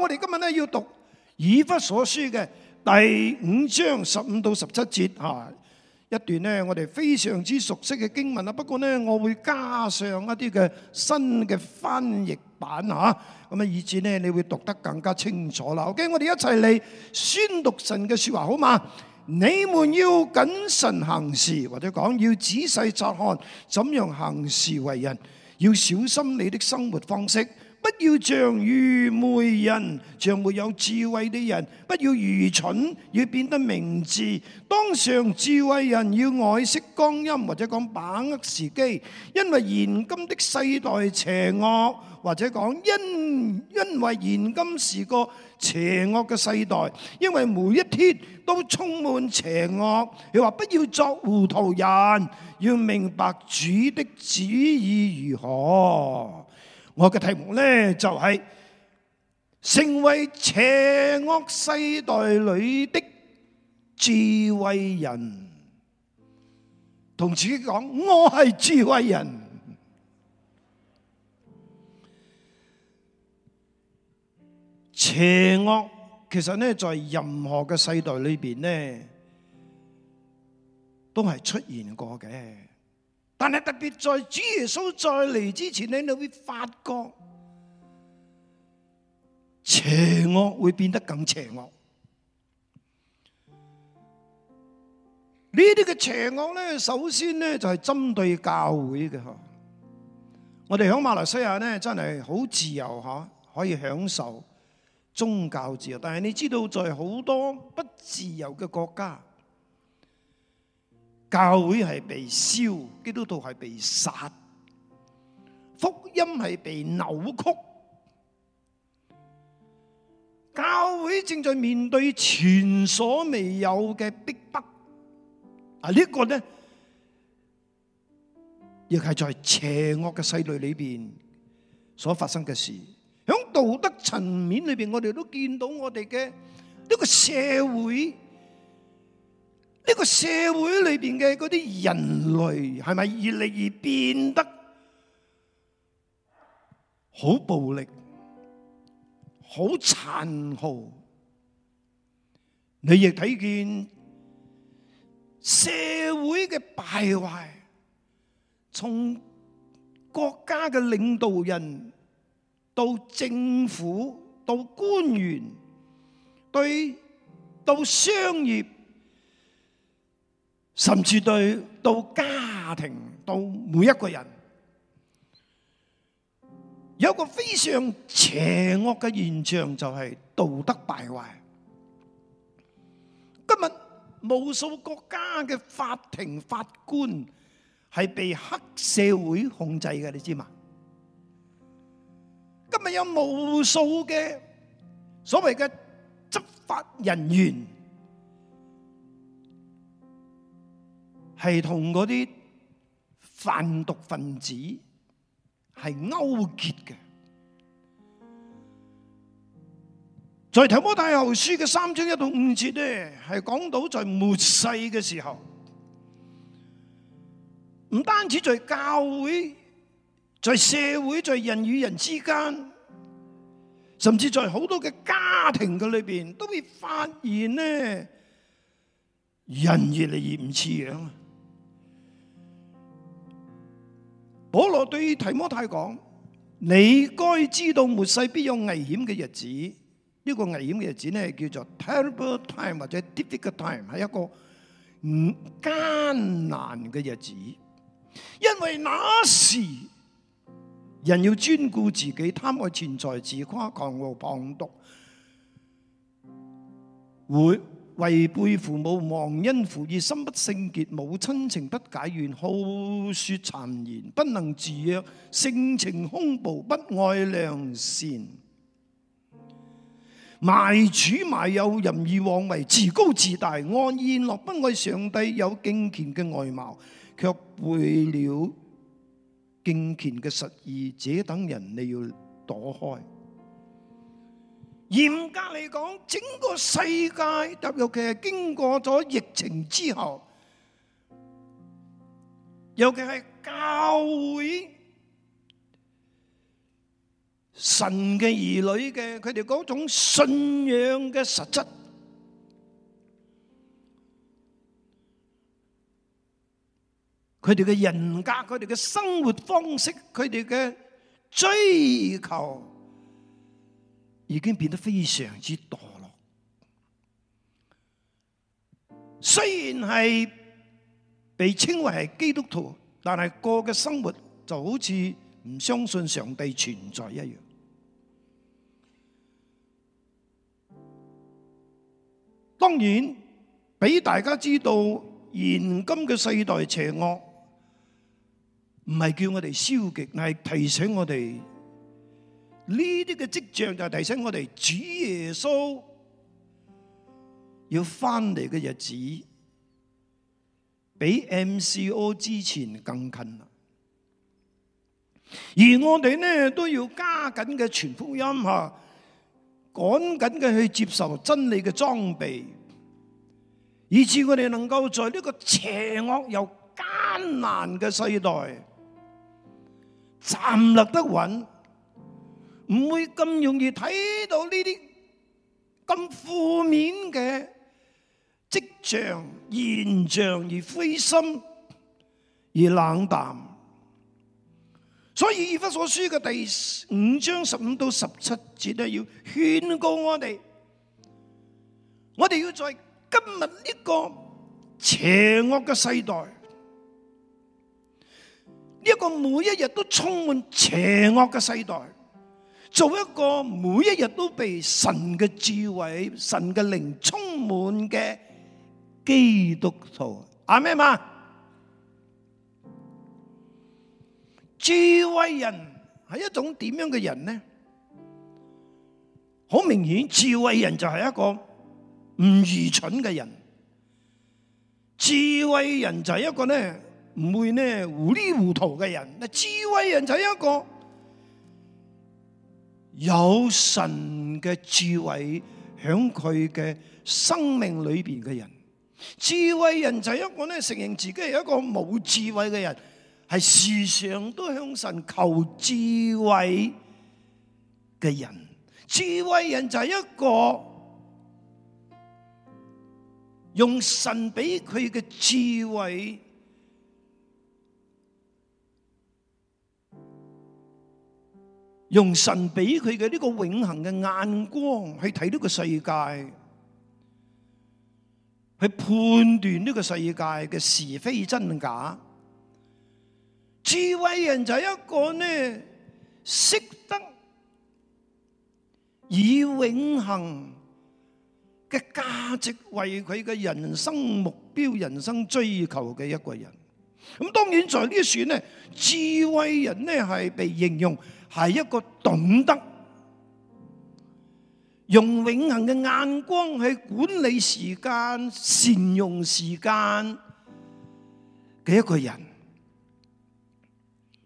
我哋今日咧要讀以弗所書嘅第五章十五到十七節吓，一段呢，我哋非常之熟悉嘅經文啦。不過呢，我會加上一啲嘅新嘅翻譯版吓，咁啊，以至呢，你會讀得更加清楚啦。好，okay，我哋一齊嚟宣讀神嘅說話，好嗎？你們要謹慎行事，或者講要仔細察看，怎樣行事為人，要小心你的生活方式。不要像愚昧人，像沒有智慧的人。不要愚蠢，要變得明智。當上智慧人，要愛惜光陰，或者講把握時機。因為現今的世代邪惡，或者講因為因為現今是個邪惡嘅世代，因為每一天都充滿邪惡。你話不要作糊塗人，要明白主的旨意如何。我嘅題目呢，就係、是、成為邪惡世代裏的智慧人，同自己講我係智慧人。邪惡其實呢，在任何嘅世代裏邊呢，都係出現過嘅。但係特別在主耶穌再嚟之前咧，你會發覺邪惡會變得更邪惡。呢啲嘅邪惡咧，首先咧就係針對教會嘅吓。我哋喺馬來西亞咧，真係好自由吓，可以享受宗教自由。但係你知道，在好多不自由嘅國家。教會係被燒，基督徒係被殺，福音係被扭曲，教會正在面對前所未有的逼迫。啊，呢個呢亦係在邪惡嘅世類裏邊所發生嘅事。響道德層面裏邊，我哋都見到我哋嘅呢個社會。呢、這個社會裏邊嘅嗰啲人類係咪越嚟越變得好暴力、好殘酷？你亦睇見社會嘅敗壞，從國家嘅領導人到政府、到官員，對到商業。甚至對到家庭，到每一個人，有一個非常邪惡嘅現象，就係道德敗壞。今日無數國家嘅法庭法官係被黑社會控制嘅，你知嘛？今日有無數嘅所謂嘅執法人員。係同嗰啲販毒分子係勾結嘅。在《提摩太後書》嘅三章一到五節咧，係講到在末世嘅時候，唔單止在教會、在社會、在人與人之間，甚至在好多嘅家庭嘅裏邊，都會發現咧，人越嚟越唔似樣啊！保羅對提摩太講：你該知道末世必有危險嘅日子，呢、這個危險嘅日子咧叫做 terrible time 或者 difficult time，係一個唔艱難嘅日子，因為那時人要專顧自己，貪愛錢財，自誇狂傲，謗讟，會。違背父母，忘恩負義，心不聖潔，無親情，不解怨，好說讒言，不能自約，性情凶暴，不愛良善，賣主賣友，任意妄為，自高自大，愛宴樂，不愛上帝，有敬虔嘅外貌，卻背了敬虔嘅實意，這等人你要躲開。嚴格嚟講，整個世界，尤其係經過咗疫情之後，尤其係教會、神嘅兒女嘅，佢哋嗰種信仰嘅實質，佢哋嘅人格，佢哋嘅生活方式，佢哋嘅追求。已經變得非常之墮落。雖然係被稱為係基督徒，但係過嘅生活就好似唔相信上帝存在一樣。當然，俾大家知道現今嘅世代邪惡，唔係叫我哋消極，係提醒我哋。呢啲嘅跡象就提醒我哋，主耶穌要翻嚟嘅日子，比 MCO 之前更近啦。而我哋呢都要加緊嘅傳福音吓，趕緊嘅去接受真理嘅裝備，以致我哋能夠在呢個邪惡又艱難嘅世代站立得穩。唔會咁容易睇到呢啲咁負面嘅跡象現象而灰心而冷淡，所以《以弗所書》嘅第五章十五到十七節咧，要勸告我哋，我哋要在今日呢個邪惡嘅世代，呢一個每一日都充滿邪惡嘅世代。做一個每一日都被神嘅智慧、神嘅靈充滿嘅基督徒，阿咩嘛？智慧人係一種點樣嘅人呢？好明顯，智慧人就係一個唔愚蠢嘅人。智慧人就係一個呢唔會呢糊裡糊塗嘅人。嗱，智慧人就係一個。有神嘅智慧響佢嘅生命裏邊嘅人，智慧人就係一個咧，承認自己係一個冇智慧嘅人，係時常都向神求智慧嘅人。智慧人就係一個用神俾佢嘅智慧。用神俾佢嘅呢個永恆嘅眼光去睇呢個世界，去判斷呢個世界嘅是非真假。智慧人就係一個呢，識得以永恆嘅價值為佢嘅人生目標、人生追求嘅一個人。咁當然在呢一節呢，智慧人呢係被形容。係一個懂得用永恒嘅眼光去管理時間、善用時間嘅一個人。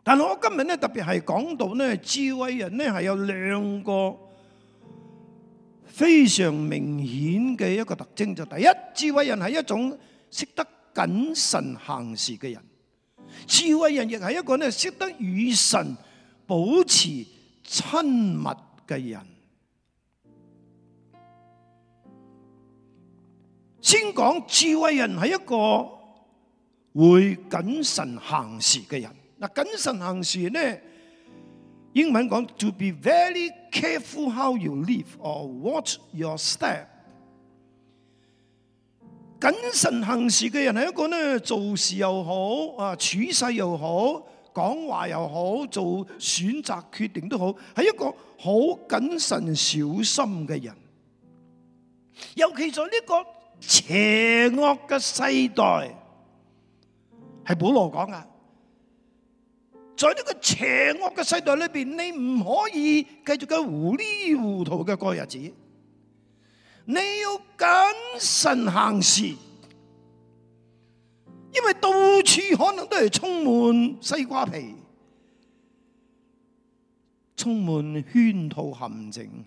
但係我今日咧特別係講到咧，智慧人咧係有兩個非常明顯嘅一個特徵，就第一，智慧人係一種識得謹慎行事嘅人。智慧人亦係一個咧識得與神。保持親密嘅人，先講智慧人係一個會謹慎行事嘅人。嗱，謹慎行事咧，英文講 to be very careful how you live or watch your step。謹慎行事嘅人係一個咧，做事又好啊，處世又好，講話又好，做選擇決定都好，係一個好謹慎小心嘅人。尤其在呢個邪惡嘅世代，係保羅講噶。在呢個邪惡嘅世代裏邊，你唔可以繼續咁糊裏糊塗嘅過日子，你要謹慎行事。因為到處可能都係充滿西瓜皮，充滿圈套陷阱。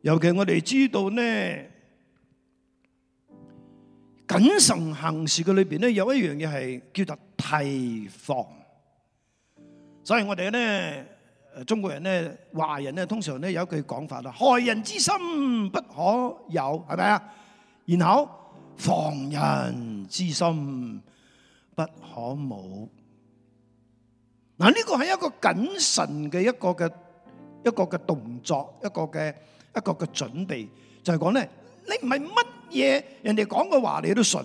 尤其我哋知道呢，謹慎行事嘅裏邊咧，有一樣嘢係叫做提防。所以我哋呢中國人呢華人呢，通常呢有一句講法啦：害人之心不可有，係咪啊？然後。防人之心不可冇。嗱，呢個係一個謹慎嘅一個嘅一個嘅動作，一個嘅一個嘅準備，就係講咧，你唔係乜嘢人哋講嘅話你都信，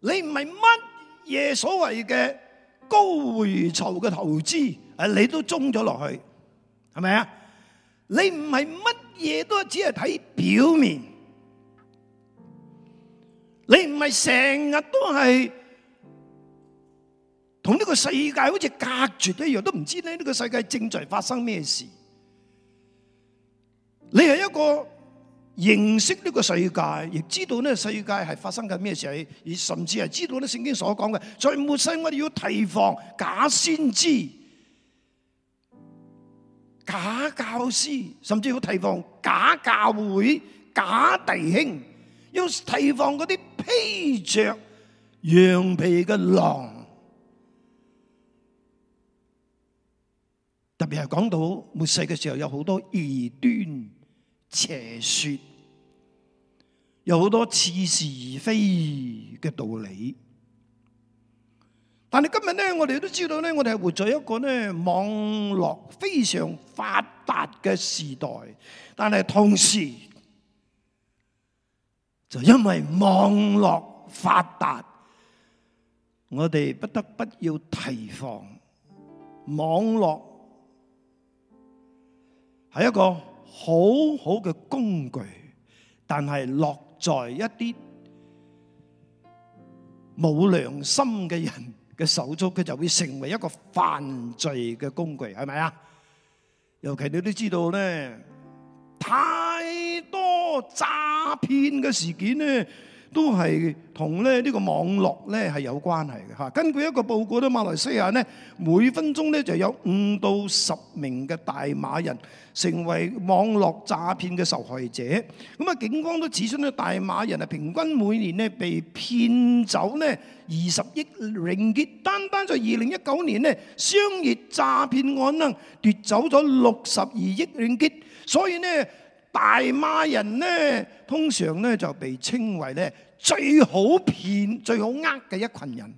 你唔係乜嘢所謂嘅高回酬嘅投資，誒你都中咗落去，係咪啊？你唔係乜嘢都只係睇表面。你唔係成日都係同呢個世界好似隔絕一樣，都唔知咧呢個世界正在發生咩事。你係一個認識呢個世界，亦知道呢個世界係發生緊咩事，而甚至係知道呢聖經所講嘅。所以，末世，我哋要提防假先知、假教師，甚至要提防假教會、假弟兄，要提防嗰啲。披着羊皮嘅狼，特別係講到，末世嘅時候有好多異端邪說，有好多似是而非嘅道理。但係今日咧，我哋都知道咧，我哋係活在一個咧網絡非常發達嘅時代，但係同時。就因為網絡發達，我哋不得不要提防。網絡係一個好好嘅工具，但係落在一啲冇良心嘅人嘅手中，佢就會成為一個犯罪嘅工具，係咪啊？尤其你都知道咧，太。多詐騙嘅事件呢，都係同咧呢個網絡呢係有關係嘅嚇。根據一個報告咧，馬來西亞呢，每分鐘呢就有五到十名嘅大馬人成為網絡詐騙嘅受害者。咁啊，警方都指出咧，大馬人啊平均每年呢被騙走呢二十億令吉。Rain, 單單在二零一九年呢商業詐騙案呢奪走咗六十二億令吉。所以呢。大馬人咧，通常咧就被稱為咧最好騙、最好呃嘅一群人。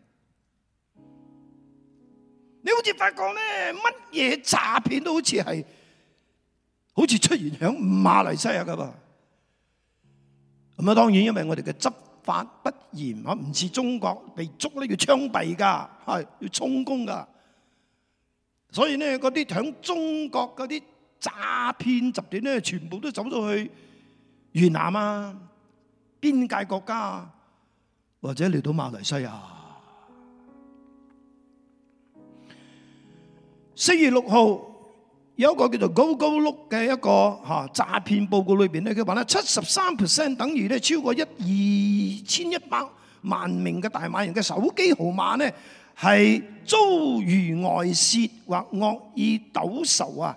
你好似發覺咧，乜嘢詐騙都好似係，好似出現響馬來西亞噶噃。咁啊，當然因為我哋嘅執法不嚴，唔似中國被捉呢要槍斃噶，係要充公噶。所以咧，嗰啲響中國嗰啲，詐騙集團咧，全部都走咗去越南啊，邊界國家啊，或者嚟到馬來西亞。四月六號有一個叫做高高碌嘅一個嚇詐騙報告裏邊咧，佢話咧七十三 percent，等於咧超過一二千一百萬名嘅大馬人嘅手機號碼咧，係遭遇外泄或惡意盜竊啊！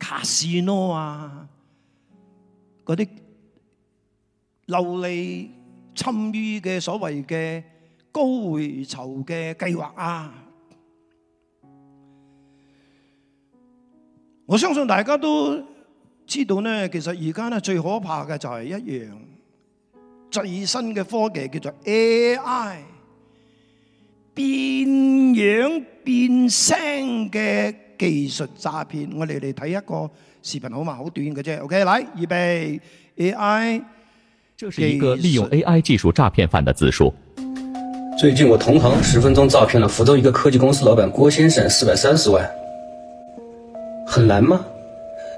卡士諾啊，嗰啲流利侵於嘅所謂嘅高回酬嘅計劃啊，我相信大家都知道呢，其實而家呢最可怕嘅就係一樣最新嘅科技，叫做 AI 變樣變聲嘅。技術詐騙，我哋嚟睇一個視頻好嘛？好嗎短嘅啫。OK，來，預備，AI。這是一個利用 AI 技術詐騙犯的自述。最近我同行十分鐘詐騙了福州一個科技公司老闆郭先生四百三十萬。很難嗎？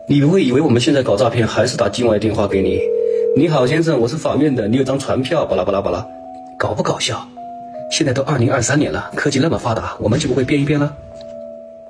你不會以為我們現在搞詐騙還是打境外電話給你？你好，先生，我是法院的，你有張傳票，巴拉巴拉巴拉，搞不搞笑？現在都二零二三年了，科技那麼發達，我們就不會變一變了？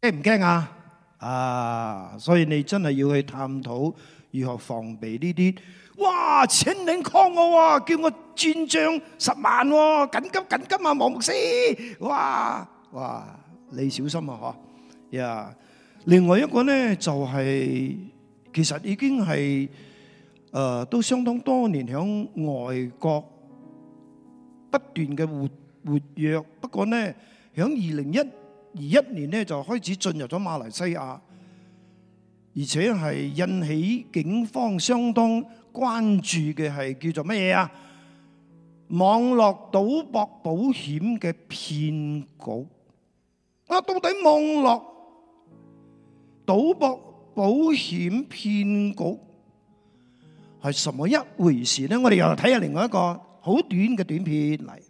驚唔驚啊？啊，所以你真係要去探討如何防備呢啲。哇，請你 call 我啊，叫我轉賬十萬，緊急緊急啊，黃牧師。哇哇，你小心啊嗬。呀，另外一個呢就係，其實已經係誒都相當多年響外國不斷嘅活活躍，不過呢響二零一。而一年呢就開始進入咗馬來西亞，而且係引起警方相當關注嘅，係叫做乜嘢啊？網絡賭博保險嘅騙局啊！到底網絡賭博保險騙局係什麼一回事呢？我哋又嚟睇下另外一個好短嘅短片嚟。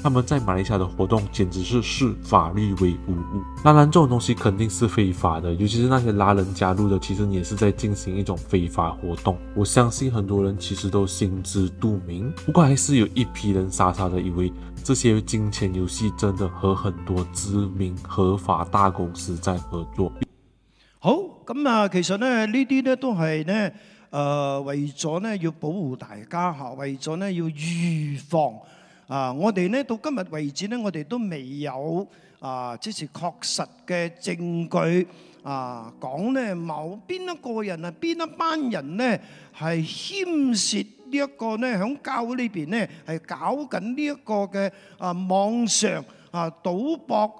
他們在馬來西亞的活動簡直是視法律為無物，當然，這種東西肯定是非法的，尤其是那些拉人加入的，其實也是在進行一種非法活動。我相信很多人其實都心知肚明，不過還是有一批人傻傻的以為這些金錢遊戲真的和很多知名合法大公司在合作。好，咁呀，其實咧呢啲咧都係咧，誒、呃，為咗咧要保護大家吓，為咗咧要預防。啊！我哋咧到今日為止咧，我哋都未有啊，即是確實嘅證據啊，講咧某邊一個人啊，邊一班人咧係牽涉呢一個咧，喺教會裏邊咧係搞緊呢一個嘅啊網上啊賭博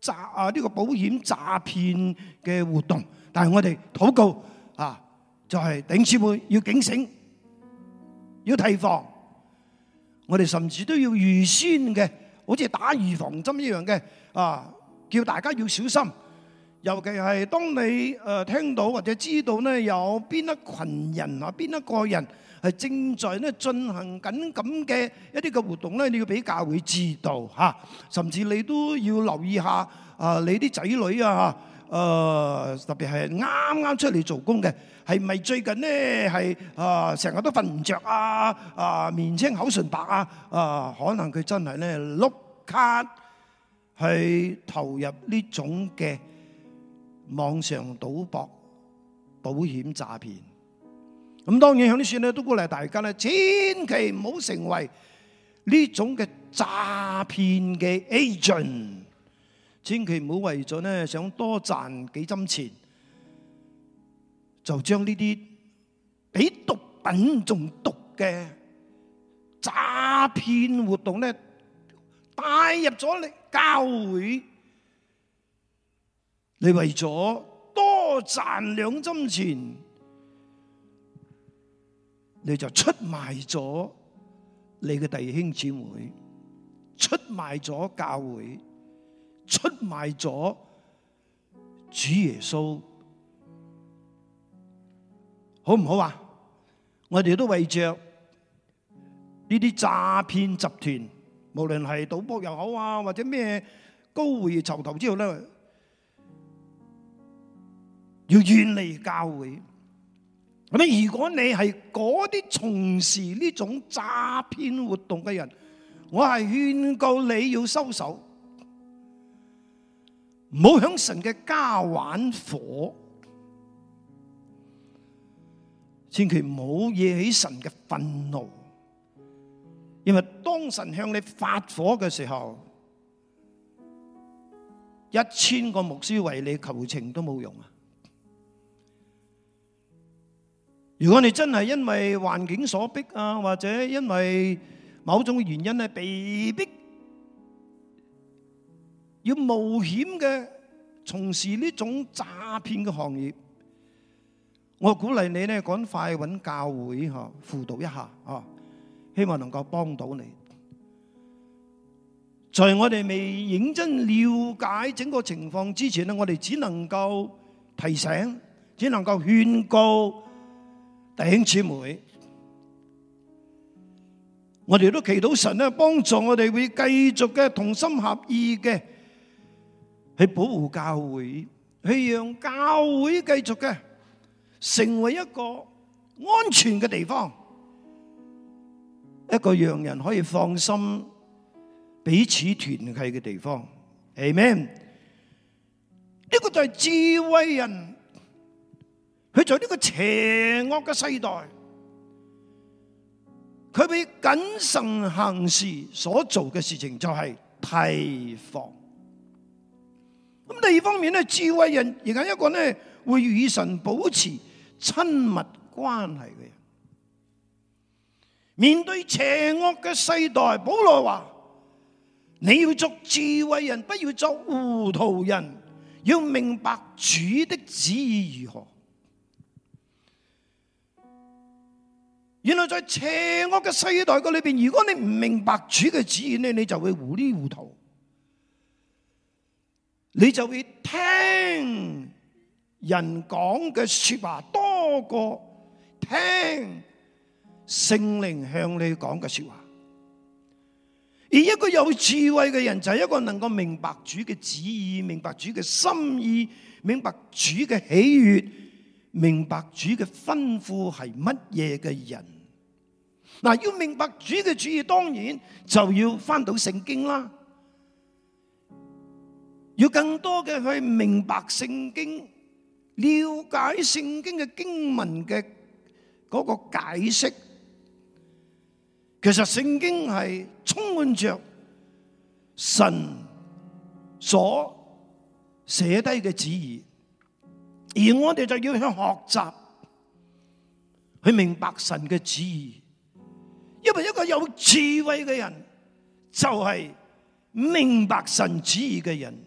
詐啊呢個保險詐騙嘅活動。但係我哋禱告啊，就係頂住會要警醒，要提防。我哋甚至都要預先嘅，好似打預防針一樣嘅，啊，叫大家要小心。尤其係當你誒、呃、聽到或者知道呢，有邊一群人啊，邊一個人係正在呢進行緊咁嘅一啲嘅活動呢，你要俾教會知道嚇、啊。甚至你都要留意下啊，你啲仔女啊。誒、呃、特別係啱啱出嚟做工嘅，係咪最近呢？係啊，成日都瞓唔着啊、呃、面啊，面青口唇白啊，啊，可能佢真係咧，碌卡去投入呢種嘅網上賭博、保險詐騙。咁當然喺呢算咧，都鼓勵大家咧，千祈唔好成為呢種嘅詐騙嘅 agent。千祈唔好為咗呢，想多賺幾針錢，就將呢啲比毒品仲毒嘅詐騙活動呢，帶入咗你教會。你為咗多賺兩針錢，你就出賣咗你嘅弟兄姊妹，出賣咗教會。出賣咗主耶穌，好唔好啊？我哋都為著呢啲詐騙集團，無論係賭博又好啊，或者咩高回酬投資之後咧，要遠離教會。咁如果你係嗰啲從事呢種詐騙活動嘅人，我係勸告你要收手。唔好向神嘅家玩火，千祈唔好惹起神嘅憤怒。因為當神向你發火嘅時候，一千個牧師為你求情都冇用啊！如果你真係因為環境所逼啊，或者因為某種原因咧，被逼。要冒險嘅從事呢種詐騙嘅行業，我鼓勵你呢，趕快揾教會嗬輔導一下哦，希望能夠幫到你。在我哋未認真了解整個情況之前呢，我哋只能夠提醒，只能夠勸告弟兄姊妹，我哋都祈禱神咧幫助我哋，會繼續嘅同心合意嘅。去保護教會，去讓教會繼續嘅成為一個安全嘅地方，一個讓人可以放心彼此團契嘅地方。Amen。呢個就係智慧人佢，在呢個邪惡嘅世代，佢會謹慎行事，所做嘅事情就係提防。咁第二方面咧，智慧人而家一個咧，會與神保持親密關係嘅人，面對邪惡嘅世代，保羅話：你要做智慧人，不要做糊塗人，要明白主的旨意如何。原來在邪惡嘅世代嘅裏邊，如果你唔明白主嘅旨意咧，你就會糊裏糊塗。你就會聽人講嘅說話多過聽聖靈向你講嘅說話，而一個有智慧嘅人就係一個能夠明白主嘅旨意、明白主嘅心意、明白主嘅喜悅、明白主嘅吩咐係乜嘢嘅人。嗱，要明白主嘅旨意，當然就要翻到聖經啦。要更多嘅去明白聖經，了解聖經嘅經文嘅嗰個解釋。其實聖經係充滿着神所寫低嘅旨意，而我哋就要向學習去明白神嘅旨意，因為一個有智慧嘅人就係明白神旨意嘅人。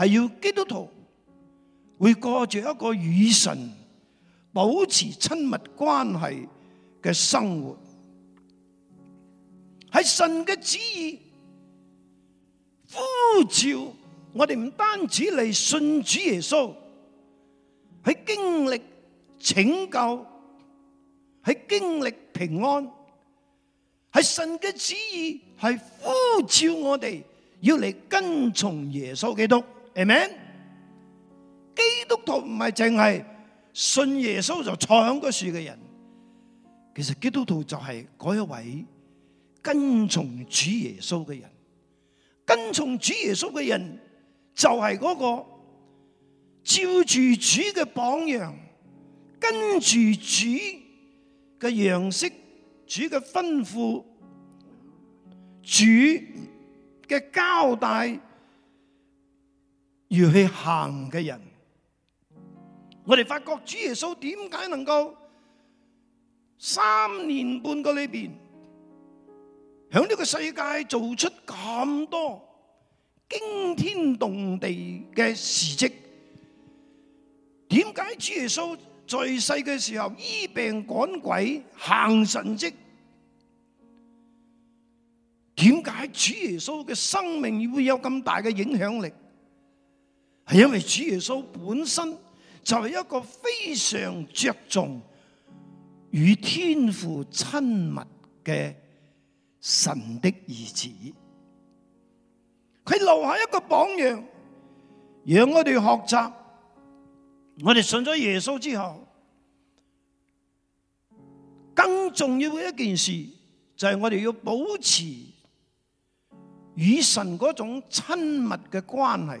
係要基督徒會過住一個與神保持親密關係嘅生活，係神嘅旨意，呼召我哋唔單止嚟信主耶穌，喺經歷拯救，喺經歷平安，係神嘅旨意，係呼召我哋要嚟跟從耶穌基督。係咪？基督徒唔係淨係信耶穌就坐響個樹嘅人，其實基督徒就係嗰一位跟從主耶穌嘅人。跟從主耶穌嘅人就係嗰個照住主嘅榜樣，跟住主嘅樣式、主嘅吩咐、主嘅交代。如去行嘅人，我哋發覺主耶穌點解能夠三年半個裏邊，喺呢個世界做出咁多驚天動地嘅事跡？點解主耶穌在世嘅時候，醫病趕鬼行神跡？點解主耶穌嘅生命會有咁大嘅影響力？係因為主耶穌本身就係一個非常着重與天父親密嘅神的兒子，佢留下一個榜樣，讓我哋學習。我哋信咗耶穌之後，更重要嘅一件事就係我哋要保持與神嗰種親密嘅關係。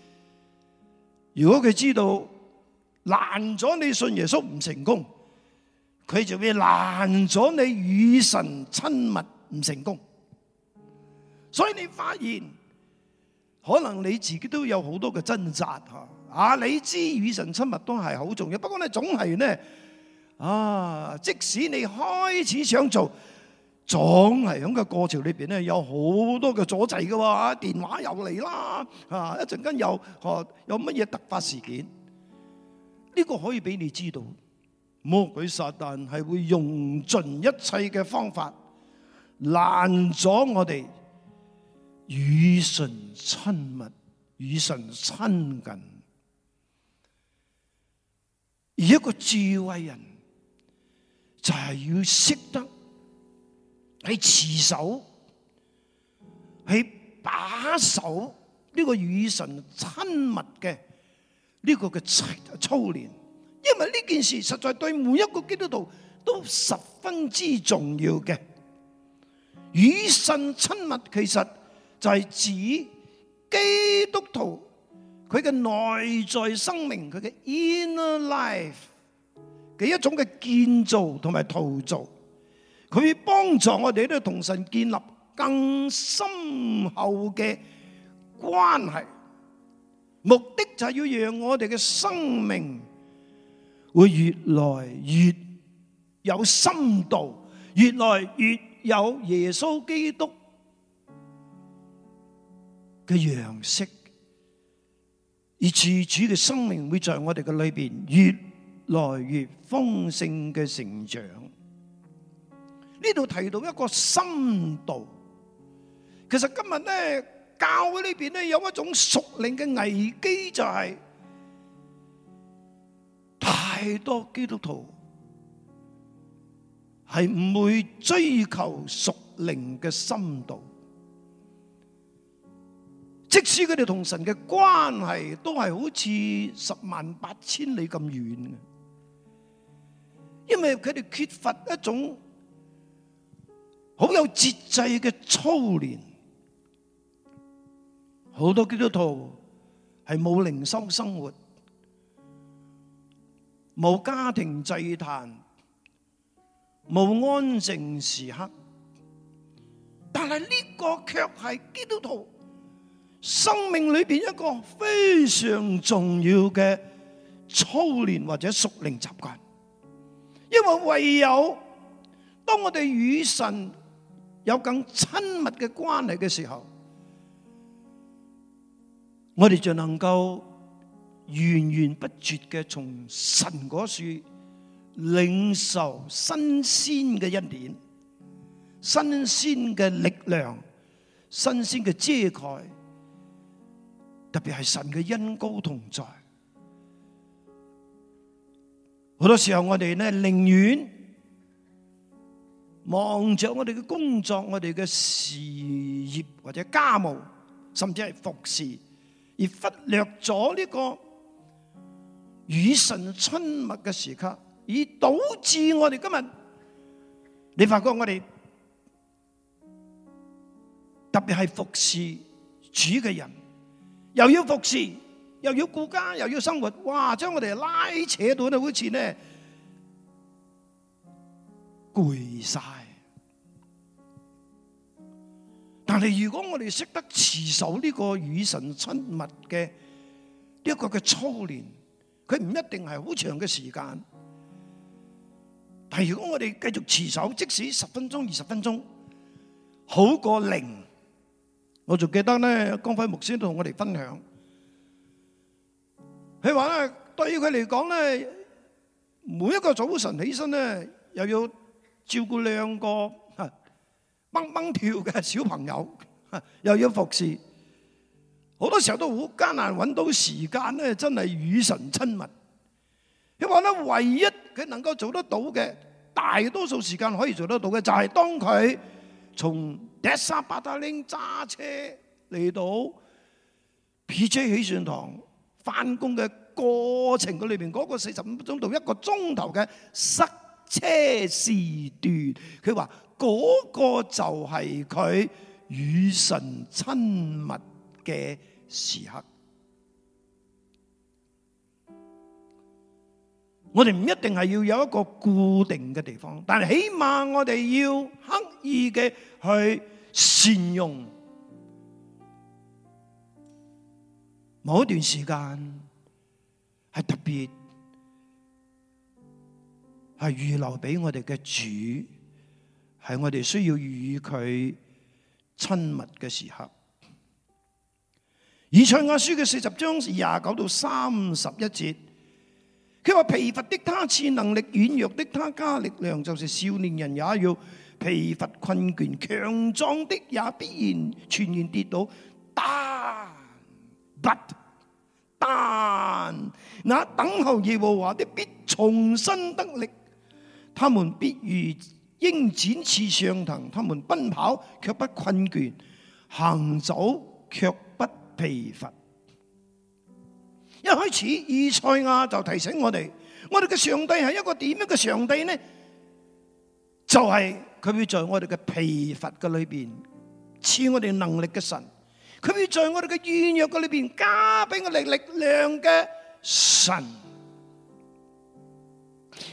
如果佢知道攔咗你信耶穌唔成功，佢就會攔咗你與神親密唔成功。所以你發現，可能你自己都有好多嘅掙扎吓，啊，你知與神親密都係好重要。不過咧，總係咧，啊，即使你開始想做。總係喺個過程裏邊咧，有好多嘅阻滯噶喎、啊，電話又嚟啦，啊一陣間又嗬有乜嘢、啊、突發事件？呢、呢個可以俾你知道，魔鬼撒旦係會用盡一切嘅方法攔阻我哋與神親密、與神親近。而一個智慧人就係、係、要識得。係持守，係把守呢，這個與神親密嘅呢，這個嘅操練，因為呢件事實在對每一個基督徒都十分之重要嘅。與神親密其實就係指基督徒佢嘅內在生命，佢嘅 inner life 嘅一種嘅建造同埋陶造。佢幫助我哋都同神建立更深厚嘅關係，目的就係要讓我哋嘅生命會越來越有深度，越來越有耶穌基督嘅樣式，而自主嘅生命會在我哋嘅裏邊越來越豐盛嘅成長。呢度提到一個深度，其實今日咧教會呢邊咧有一種屬靈嘅危機，就係太多基督徒係唔會追求屬靈嘅深度，即使佢哋同神嘅關係都係好似十萬八千里咁遠嘅，因為佢哋缺乏一種。好有節制嘅操練，好多基督徒係冇靈修生活，冇家庭祭壇，冇安靜時刻。但係呢個卻係基督徒生命裏邊一個非常重要嘅操練或者屬靈習慣，因為唯有當我哋與神。有更親密嘅關係嘅時候，我哋就能夠源源不絕嘅從神嗰度領受新鮮嘅一年、新鮮嘅力量、新鮮嘅遮蓋，特別係神嘅恩高同在。好多時候，我哋呢寧願。望着我哋嘅工作、我哋嘅事業或者家務，甚至係服侍，而忽略咗呢個與神親密嘅時刻，而導致我哋今日，你發覺我哋特別係服侍主嘅人，又要服侍，又要顧家，又要生活，哇！將我哋拉扯到咧，好似呢攰晒。但係如果我哋識得持守呢個與神親密嘅呢一個嘅操練，佢唔一定係好長嘅時間。但係如果我哋繼續持守，即使十分鐘、二十分鐘，好過零。我仲記得咧，江輝牧師同我哋分享，佢話咧，對於佢嚟講咧，每一個早晨起身咧，又要照顧兩個。蹦蹦跳嘅小朋友，又要服侍，好多時候都好艱難揾到時間咧，真係與神親密。佢話咧，唯一佢能夠做得到嘅，大多數時間可以做得到嘅，就係、是、當佢從疊沙八達嶺揸車嚟到 PJ 起善堂翻工嘅過程嘅裏邊，嗰、那個四十五分鐘到一個鐘頭嘅塞車時段，佢話。嗰個就係佢與神親密嘅時刻。我哋唔一定係要有一個固定嘅地方，但係起碼我哋要刻意嘅，去善用某一段時間，係特別係預留俾我哋嘅主。係我哋需要與佢親密嘅時刻。而《以賽亞書》嘅四十章廿九到三十一節，佢話疲乏的他賜能力，軟弱的他加力量，就是少年人也要疲乏困倦，強壯的也必然全然跌倒。但 but 但那等候耶和華的必重新得力，他們必如。鷹展翅上騰，他們奔跑卻不困倦，行走卻不疲乏。一開始，以賽亞就提醒我哋，我哋嘅上帝係一個點樣嘅上帝呢？就係佢會在我哋嘅疲乏嘅裏邊賜我哋能力嘅神，佢會在我哋嘅軟弱嘅裏邊加俾我哋力量嘅神。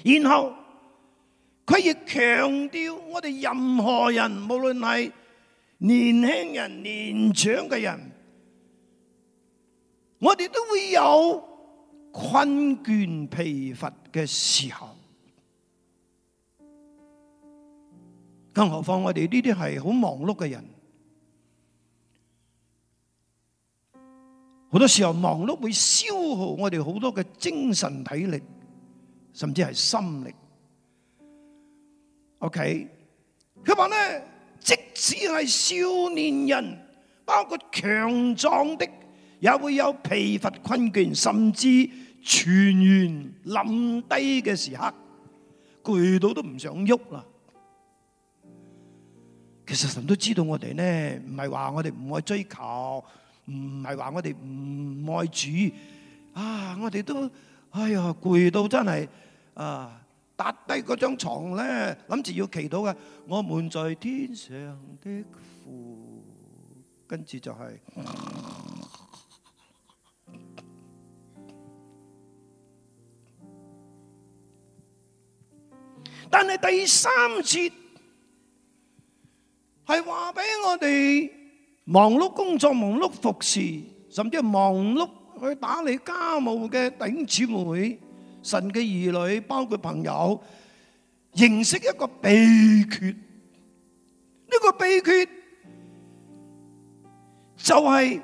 然後，佢亦強調，我哋任何人，無論係年輕人、年長嘅人，我哋都會有困倦疲乏嘅時候。更何況我哋呢啲係好忙碌嘅人，好多時候忙碌會消耗我哋好多嘅精神體力，甚至係心力。OK，佢話咧，即使係少年人，包括強壯的，也會有疲乏困倦，甚至全員冧低嘅時刻，攰到都唔想喐啦。其實神都知道我哋呢，唔係話我哋唔愛追求，唔係話我哋唔愛主啊！我哋都，哎呀，攰到真係啊！搭低嗰張床咧，諗住要祈禱嘅，我們在天上的父，跟住就係、是嗯。但係第三節係話俾我哋忙碌工作、忙碌服侍，甚至係忙碌去打理家務嘅頂姊妹。神嘅兒女包括朋友，認識一個秘訣。呢、這個秘訣就係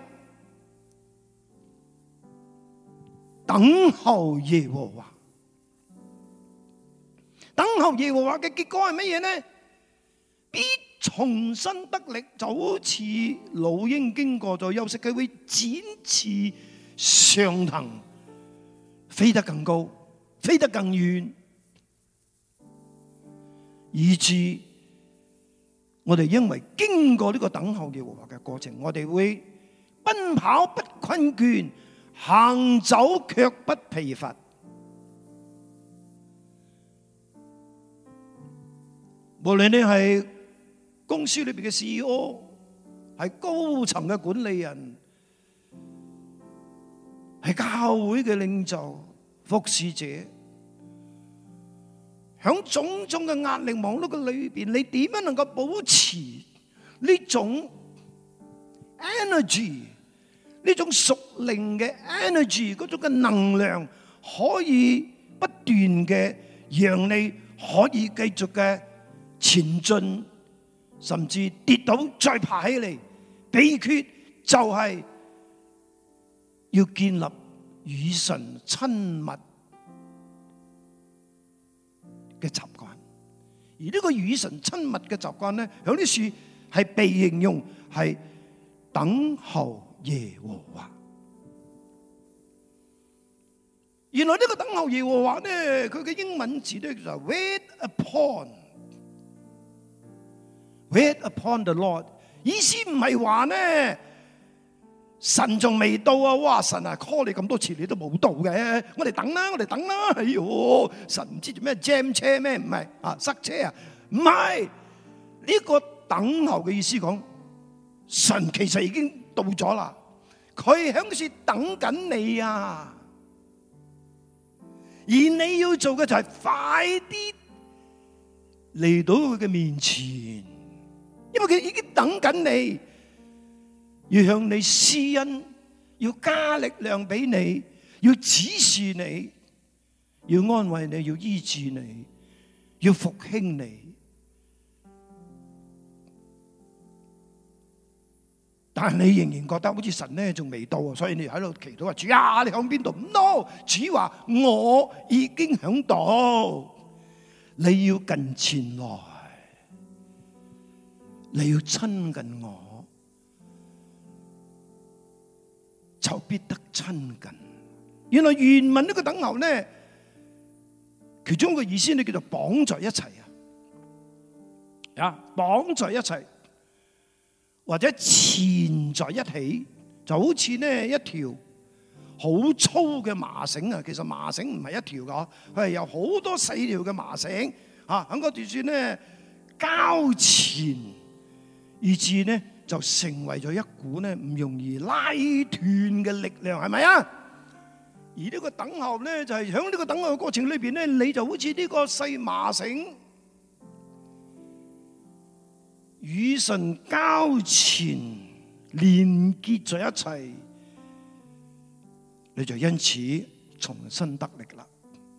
等候耶和華。等候耶和華嘅結果係乜嘢呢？必重新得力，就好似老鷹經過咗休息，佢會展翅上騰，飛得更高。飛得更遠，以致我哋因為經過呢個等候嘅和合嘅過程，我哋會奔跑不困倦，行走卻不疲乏。無論你係公司裏邊嘅 CEO，係高層嘅管理人，係教會嘅領袖服侍者。喺種種嘅壓力網絡嘅裏邊，你點樣能夠保持呢種 energy？呢種屬靈嘅 energy，嗰種嘅能量可以不斷嘅讓你可以繼續嘅前進，甚至跌倒再爬起嚟。秘訣就係要建立與神親密。嘅習慣，而呢個與神親密嘅習慣咧，有啲樹係被形容係等候耶和華。原來呢個等候耶和華咧，佢嘅英文詞咧都叫做 wait upon，wait upon the Lord。意思唔係話呢？神仲未到啊！哇！神啊，call 你咁多次，你都冇到嘅。我哋等啦，我哋等啦。哎呦，神唔知做咩 jam 車咩？唔係啊，塞車啊？唔係呢個等候嘅意思講，神其實已經到咗啦。佢響嗰處等緊你啊，而你要做嘅就係快啲嚟到佢嘅面前，因為佢已經等緊你。要向你施恩，要加力量俾你，要指示你，要安慰你，要醫治你，要復興你。但係你仍然覺得好似神呢仲未到，所以你喺度祈禱話：主啊，你響邊度？no，主話我已經響度，你要近前來，你要親近我。就必得親近。原來原文呢個等候呢，其中個意思呢，叫做綁在一齊呀，綁在一齊，或者纏在一起，就好似呢一條好粗嘅麻繩啊，其實麻繩唔係一條㗎，佢係有好多細條嘅麻繩，嗰段算呢，交纏以至呢就成為咗一股咧，唔容易拉斷嘅力量，係咪啊？而呢個等候咧，就係喺呢個等候嘅過程裏邊咧，你就好似呢個細麻繩與神交纏連結在一齊，你就因此重新得力啦。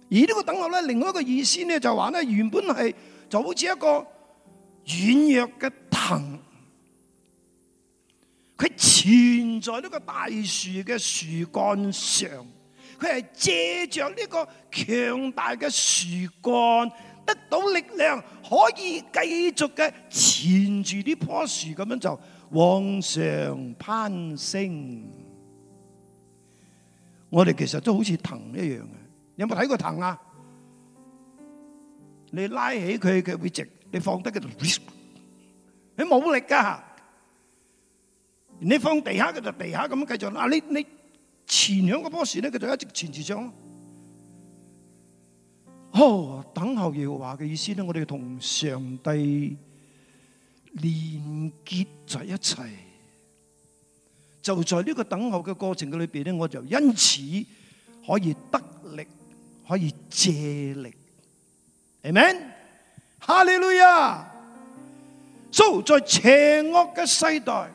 而呢個等候咧，另外一個意思咧，就話、是、咧原本係就好似一個軟弱嘅藤。佢纏在呢個大樹嘅樹幹上，佢係借着呢個強大嘅樹幹得到力量，可以繼續嘅纏住呢棵樹咁樣就往上攀升。我哋其實都好似藤一樣嘅，有冇睇過藤啊？你拉起佢，佢會直；你放低佢，你冇力噶。你放地下佢就地下咁樣繼續，啊你你前響嗰棵樹咧，佢就一直前前長咯。哦，等候耶和華嘅意思咧，我哋要同上帝連結在一齊，就在呢個等候嘅過程嘅裏邊咧，我就因此可以得力，可以借力，Amen？哈利路亞！So，在邪惡嘅世代。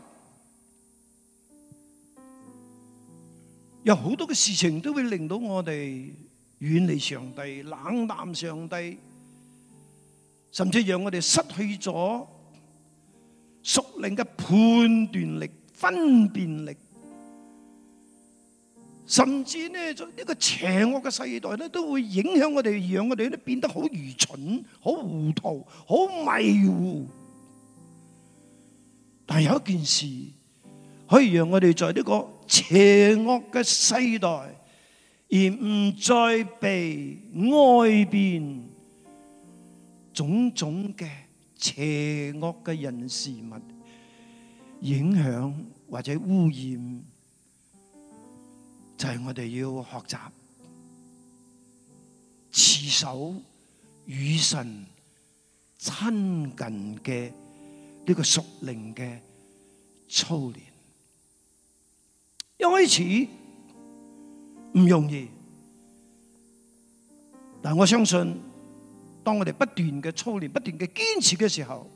有好多嘅事情都會令到我哋遠離上帝、冷淡上帝，甚至讓我哋失去咗屬靈嘅判斷力、分辨力，甚至呢，在、這、呢個邪惡嘅世代咧，都會影響我哋，讓我哋都變得好愚蠢、好糊塗、好迷糊。但係有一件事可以讓我哋在呢、這個。邪惡嘅世代，而唔再被外邊種種嘅邪惡嘅人事物影響或者污染，就係、是、我哋要學習持守與神親近嘅呢個屬靈嘅操練。一開始唔容易，但我相信，當我哋不斷嘅操練、不斷嘅堅持嘅時候，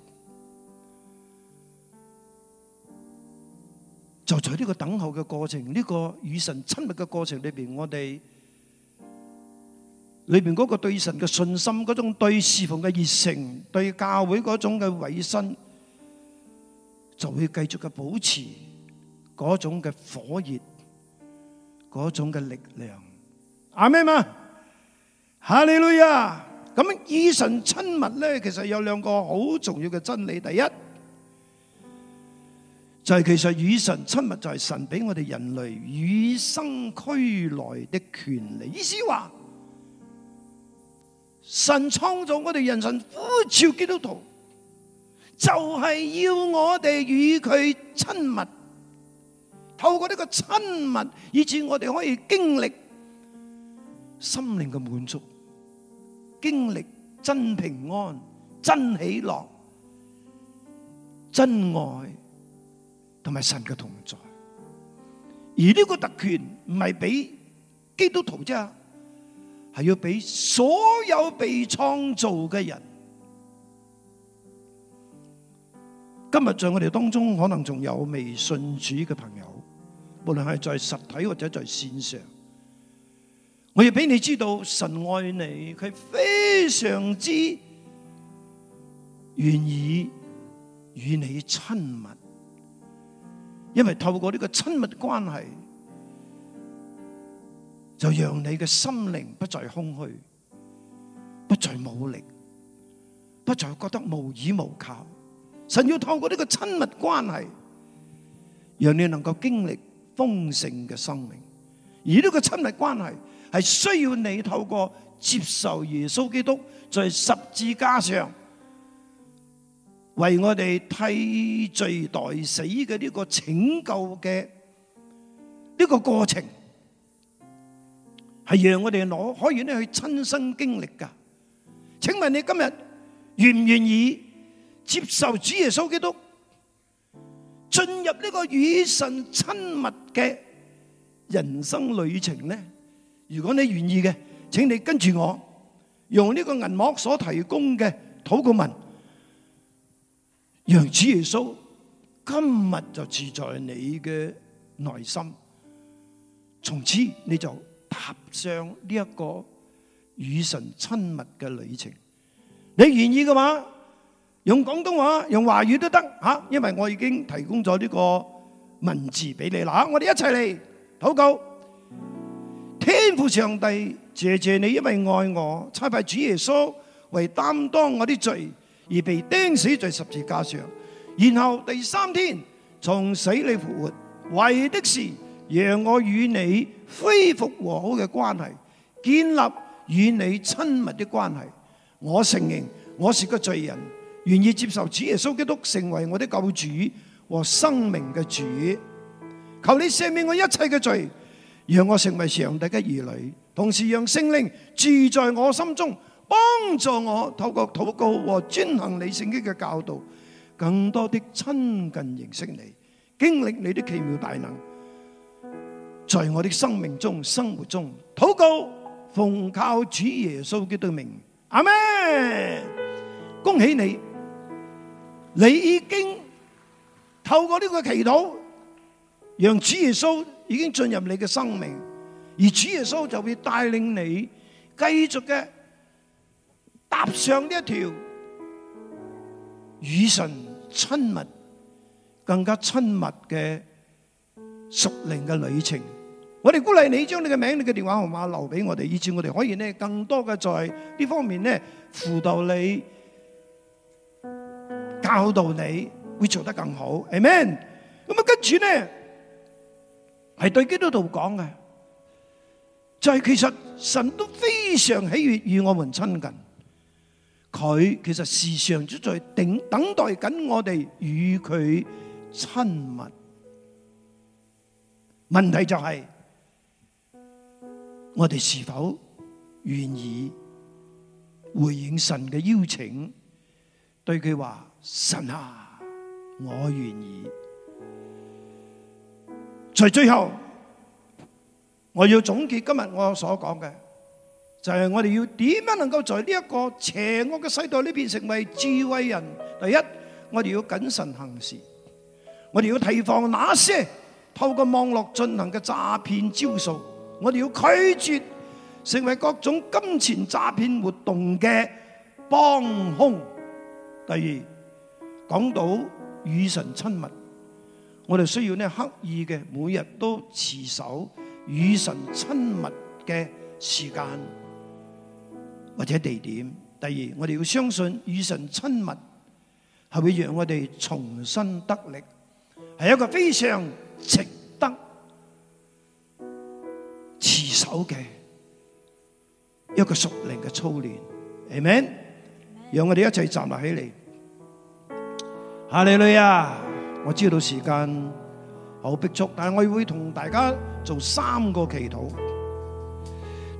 就在呢個等候嘅過程、呢個與神親密嘅過程裏邊，我哋裏邊嗰個對神嘅信心、嗰種對侍奉嘅熱誠、對教會嗰種嘅委身，就會繼續嘅保持。嗰種嘅火熱，嗰種嘅力量，阿咩嘛？哈利路亞。咁與神親密咧，其實有兩個好重要嘅真理。第一就係，其實與神親密就係神俾我哋人類與生俱來的權利。意思話，神創造我哋人，神呼召基督徒，就係要我哋與佢親密。透過呢個親密，以至我哋可以經歷心靈嘅滿足，經歷真平安、真喜樂、真愛，同埋神嘅同在。而呢個特權唔係俾基督徒啫，係要俾所有被創造嘅人。今日在我哋當中，可能仲有未信主嘅朋友。無論係在實體或者在線上，我要俾你知道神愛你，佢非常之願意與你親密，因為透過呢個親密關係，就讓你嘅心靈不再空虛，不再冇力，不再覺得無依無靠。神要透過呢個親密關係，讓你能夠經歷。豐盛嘅生命，而呢個親密關係係需要你透過接受耶穌基督，在十字架上為我哋替罪代死嘅呢個拯救嘅呢個過程，係讓我哋攞可以呢去親身經歷噶。請問你今日願唔願意接受主耶穌基督？進入呢個與神親密嘅人生旅程呢？如果你願意嘅，請你跟住我，用呢個銀幕所提供嘅禱告文，讓主耶穌今日就住在你嘅內心，從此你就踏上呢一個與神親密嘅旅程。你願意嘅話？用廣東話、用華語都得嚇，因為我已經提供咗呢個文字俾你啦嚇。我哋一齊嚟禱告。天父上帝，謝謝你，因為愛我，差派主耶穌為擔當我的罪而被釘死在十字架上，然後第三天從死裡復活，為的是讓我與你恢復和好嘅關係，建立與你親密的關係。我承認我是個罪人。願意接受主耶穌基督成為我的救主和生命嘅主，求你赦免我一切嘅罪，讓我成為上帝嘅兒女，同時讓聖靈住在我心中，幫助我透過禱告和遵行你聖經嘅教導，更多的親近認識你，經歷你的奇妙大能，在我的生命中、生活中禱告，奉靠主耶穌基督嘅名，阿門。恭喜你！你已經透過呢個祈禱，讓主耶穌已經進入你嘅生命，而主耶穌就會帶領你繼續嘅踏上呢一條與神親密、更加親密嘅屬靈嘅旅程。我哋鼓勵你將你嘅名、你嘅電話號碼留俾我哋，以至我哋可以呢更多嘅在呢方面呢輔導你。教導你會做得更好，Amen。咁啊，跟住咧，係對基督徒講嘅，就係其實神都非常喜悅與我們親近，佢其實時常都在等等待緊我哋與佢親密。問題就係我哋是否願意回應神嘅邀請，對佢話？神啊，我願意。除最，最後，我要總結今日我所講嘅，就係、是、我哋要點樣能夠在呢一個邪惡嘅世代呢邊成為智慧人。第一，我哋要謹慎行事，我哋要提防那些透過網絡進行嘅詐騙招數，我哋要拒絕成為各種金錢詐騙活動嘅幫凶。第二。講到與神親密，我哋需要刻意嘅每日都持守與神親密嘅時間或者地點。第二，我哋要相信與神親密係會讓我哋重新得力，係一個非常值得持守嘅一個屬靈嘅操練。Amen！Amen. 讓我哋一齊站立起嚟。哈利路亞啊，我知道時間好迫促，但係我會同大家做三個祈禱。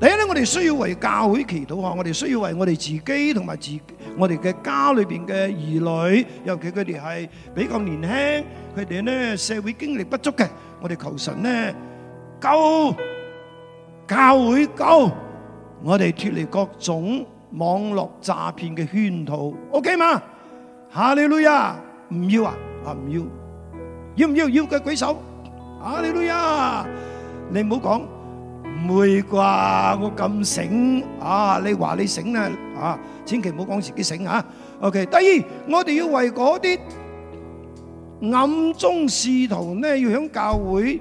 第一咧，我哋需要為教會祈禱，我哋需要為我哋自己同埋自我哋嘅家裏邊嘅兒女，尤其佢哋係比較年輕，佢哋咧社會經歷不足嘅，我哋求神咧，救教會，救我哋脱離各種網絡詐騙嘅圈套，OK 嘛？哈利路亞啊！唔要啊！唔要，要唔要？要嘅舉手啊！你都呀，你唔好講唔會啩，我咁醒啊！你話你醒啦啊，千祈唔好講自己醒啊。OK，第二，我哋要為嗰啲暗中試圖呢，要喺教會、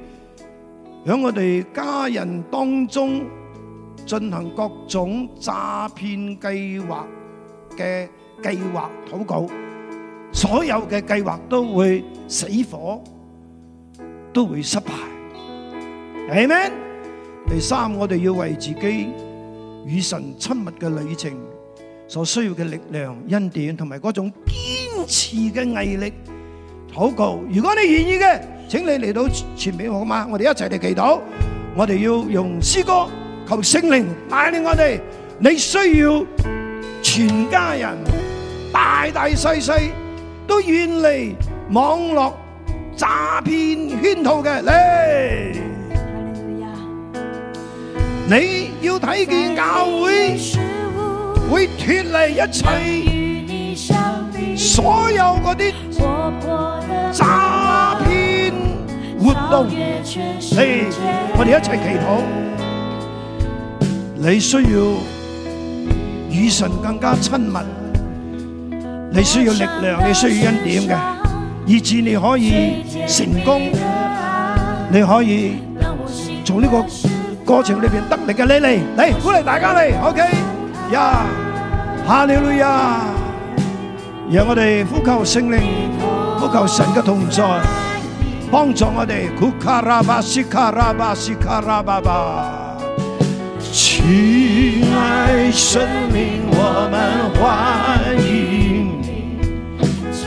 喺我哋家人當中進行各種詐騙計劃嘅計劃禱告。所有嘅計劃都會死火，都會失敗，Amen？第三，我哋要為自己與神親密嘅旅程所需要嘅力量、恩典同埋嗰種堅持嘅毅力禱告。如果你願意嘅，請你嚟到前面好嘛，我哋一齊嚟祈禱。我哋要用詩歌求聖靈帶領我哋。你需要全家人，大大細細。都遠離網絡詐騙圈套嘅，嚟！你要睇見教會會脫離一切所有嗰啲詐騙活動，嚟！我哋一齊祈禱，你需要與神更加親密。你需要力量，你需要恩典嘅，以致你可以成功，你可以做呢個過程裏邊得力嘅，你嚟，嚟，鼓勵大家嚟，OK，呀，哈利路亞呀，讓我哋呼求聖靈，呼求神嘅同在，幫助我哋，庫卡拉巴斯卡拉巴斯卡拉巴巴，親愛聖靈，我們歡迎。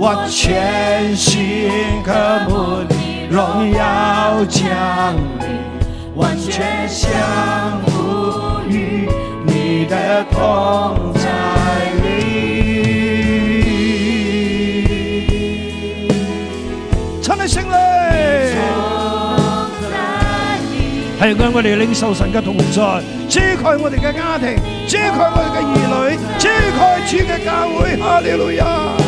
我全心渴慕你榮耀降臨，完全享福於你的同在裏。唱起聖你，是愛我哋領受神嘅同在，遮蓋我哋嘅家庭，遮蓋我哋嘅兒女，遮蓋主嘅教會。哈利路亞。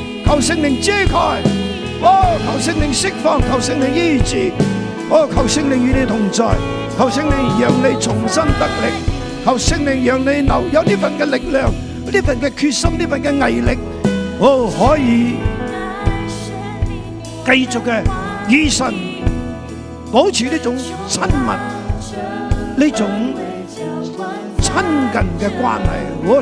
求聖靈遮蓋，哦！求聖靈釋放，求聖靈醫治，哦！求聖靈與你同在，求聖靈讓你重新得力，求聖靈讓你留有呢份嘅力量，呢份嘅決心，呢份嘅毅力，哦，可以繼續嘅與神保持呢種親密、呢種親近嘅關係。我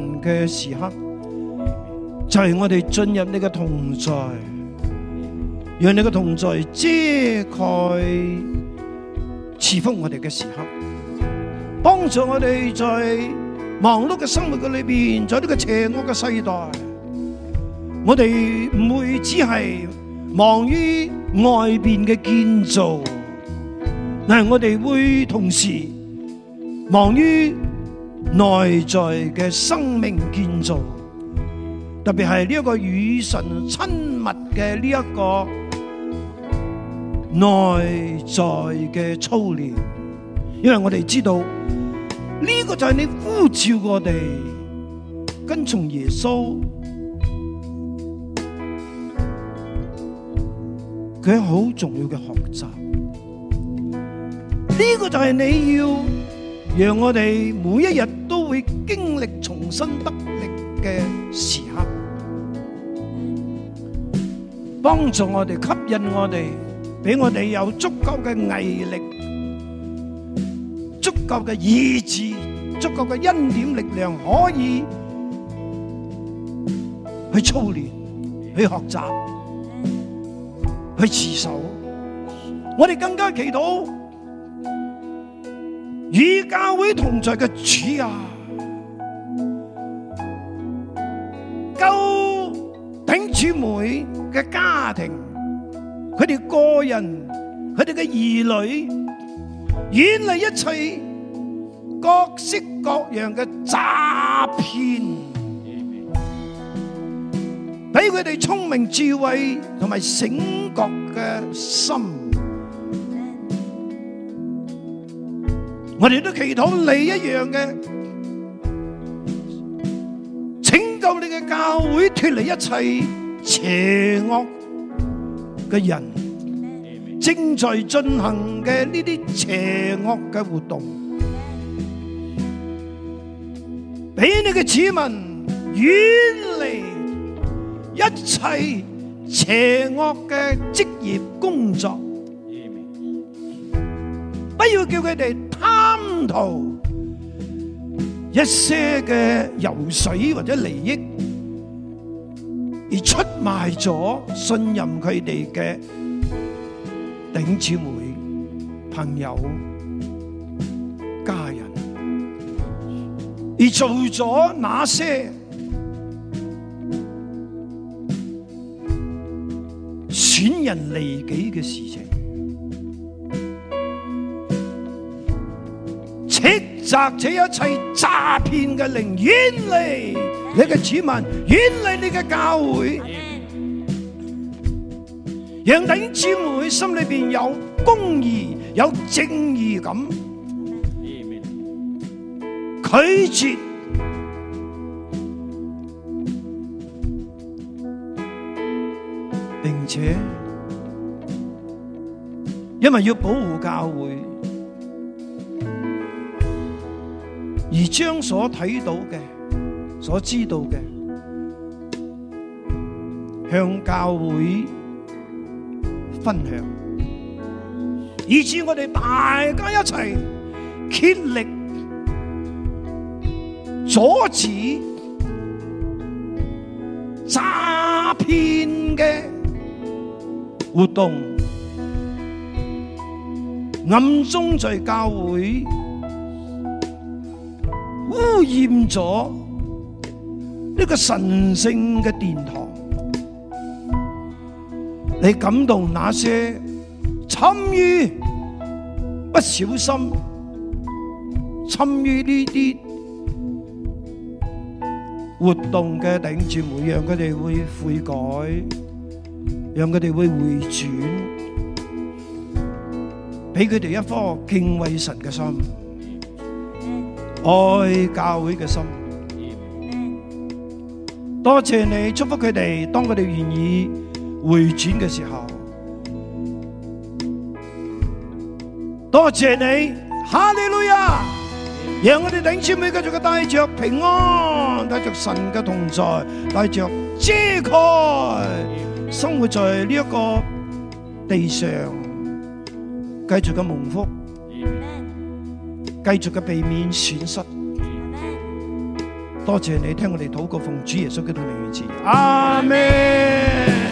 嘅時刻，就係我哋進入你嘅同在，讓你嘅同在遮蓋、賜福我哋嘅時刻，幫助我哋在忙碌嘅生活嘅裏邊，在呢個邪惡嘅世代，我哋唔會只係忙於外邊嘅建造，但係，我哋會同時忙於。內在嘅生命建造，特別係呢一個與神親密嘅呢一個內在嘅操練，因為我哋知道呢個就係你呼召我哋跟從耶穌，佢好重要嘅學習，呢個就係你要。讓我哋每一日都會經歷重新得力嘅時刻，幫助我哋吸引我哋，俾我哋有足夠嘅毅力、足夠嘅意志、足夠嘅恩典力量，可以去操練、去學習、去持守。我哋更加祈禱。與教會同在嘅主啊，救頂主妹嘅家庭，佢哋個人，佢哋嘅兒女，遠離一切各式各樣嘅詐騙，俾佢哋聰明智慧同埋醒覺嘅心。我哋都祈禱你一樣嘅，拯救你嘅教會脫離一切邪惡嘅人正在進行嘅呢啲邪惡嘅活動，俾你嘅子民遠離一切邪惡嘅職業工作，不要叫佢哋。貪圖一些嘅油水或者利益，而出賣咗信任佢哋嘅弟兄姊妹、朋友、家人，而做咗那些損人利己嘅事情。譴責這一切詐騙嘅靈，遠離你嘅子民，遠離你嘅教會，讓弟兄姊妹心裏邊有公義、有正義感，拒絕，並且因為要保護教會。而將所睇到嘅、所知道嘅向教會分享，以致我哋大家一齊竭力阻止詐騙嘅活動，暗中在教會。厭咗呢個神聖嘅殿堂，你感到那些參與，不小心參與呢啲活動嘅頂住，會讓佢哋會悔改，讓佢哋會回轉，俾佢哋一顆敬畏神嘅心。愛教會嘅心，多謝你祝福佢哋，當佢哋願意回轉嘅時候，多謝你，哈利路亞，讓我哋領受繼續帶着平安，帶着神嘅同在，帶着遮蓋，生活在呢一個地上，繼續嘅蒙福。繼續嘅避免損失，多謝你聽我哋禱告，奉主耶穌基督嘅名詞，阿門。